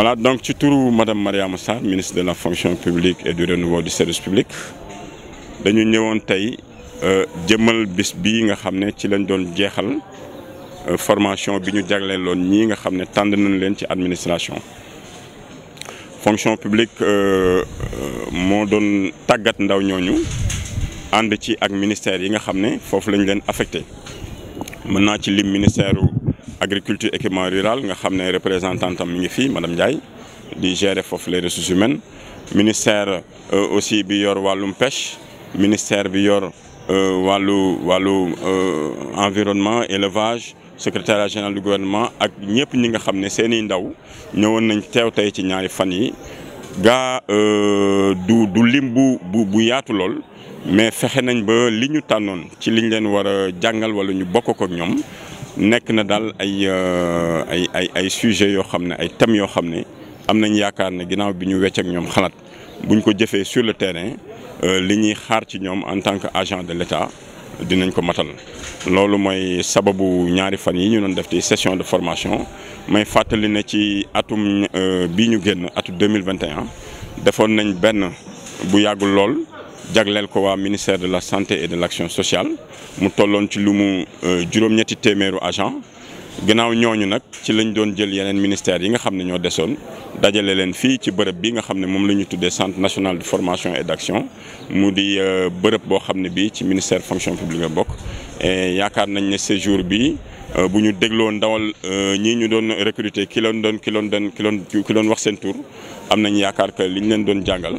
voilà donc ci trouves madame Maria Moussa, ministre de la fonction publique et du renouveau du service public Nous nous jëmmal bis bi nga xamné ci lañ doon nous euh, formation bi ñu nous nga xamné tand leen ci administration. fonction publique nous euh, euh, doon tagat ndaw ñoñu and ci ak ministère yi nga xamné nous lañ leen affecté Maintenant, ci lim agriculture équipement rural nga xam ne représentante am mi ngi fii madame Ndiaye di gérer les ressources humaines ministère euh, aussi bi yor wàllum pêche ministère bi yor euh, wàllu euh, environnement élevage secrétaire général du gouvernement ak ñëpp ñi nga xam ne seeni ndaw ñëwoon nañ teew tey ci ñaari fan yi gaa euh, du du limbu bu bu yaatu lol mais fexe nañ ba liñu ñu ci liñ leen wara jangal wala ñu bokk ko ñom nek na dal ay euh, ay ay ay sujets yoo xam ay tam yo xamné ne am nañ yaakaar ne ginnaaw bi ñu wecc ak ñom xalat buñ ko jëfé sur le terrain euh, li ñuy xaar ci ñom en tant que agent de l'État dinañ ko matal lolu moy sababu ñaari fan yi ñu doon def ci session de formation may fatali ne ci atum euh, bii ñu génn atu 2021 defoon nañ ben bu yagul lool diaglel ko wa ministère de la santé et de l'action sociale mu tolloon ci lu mu euh, juróom-ñetti téméru agent gannaaw ñooñu nak ci lañ doon jël yenen ministère yi nga xam ño déssone dajalé dajale leen fii ci bërepp bi nga xam mom lañu tuddé centre national de formation et d'action mu di euh, bërëb boo xam ne ci ministère fonction publique la bokk et yaakaar nañ ne séjour bi euh, bu ñu dégloo ndawal ñii ñu doon recruter ki lañ doon ki lañ doon ki lañ ki loon wax sen tour amnañ nañ yaakaar que liñ leen doon jangal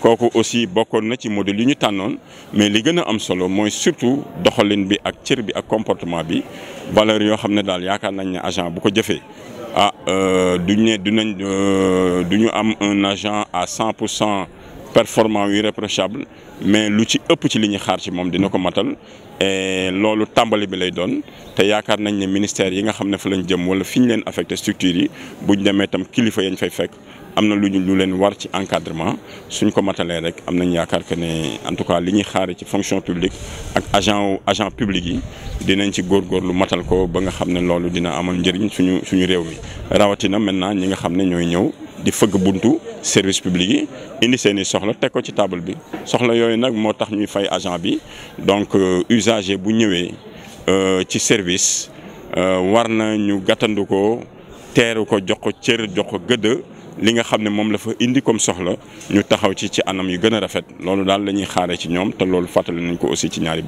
koku aussi bokon na ci modèle yi ñu tannon mais li gëna am solo moy surtout doxalin bi ak cër bi ak comportement bi valeur yo xam dal daal yaakaar nañ ne agent bu ko jëfé ah euh duñ né du nañ euh, du ñu am un agent à 100% performant yu irréprochable mais lu ci ëpp ci li ñu xaar ci mom dina ko matal et lolu tambali bi lay doon te yaakaar nañ ne ministère yi nga xamné fa lañ jëm wala fi leen affecté structure yi buñ demee tam kilifa yañ fay fekk amna luñu lu ñu leen war ci encadrement suñ ko matalé rek am nañ yaakaar que né en tout cas li ñuy xaare ci fonction publique ak agent agent public yi dinañ ci gor gor lu matal ko ba nga xamné lolu dina amal njëriñ suñu suñu réew mi rawatina maintenant ñi nga xamné ñoy ñooy ñëw di feug buntu service public indi seen soxla tek ko ci table bi soxla yoy nak moo tax ñuy fay agent bi donc euh, usager bu ñëwee euh, ci service euh warna ñu gàttandu ko ko jox ko cër jox ko gëdd li nga mom la fa indi comme soxla ñu taxaw ci ci anam yu gëna rafet lolu dal lañuy ñuy ci ñom té lolu fàttali nañ ko aussi ci ñaari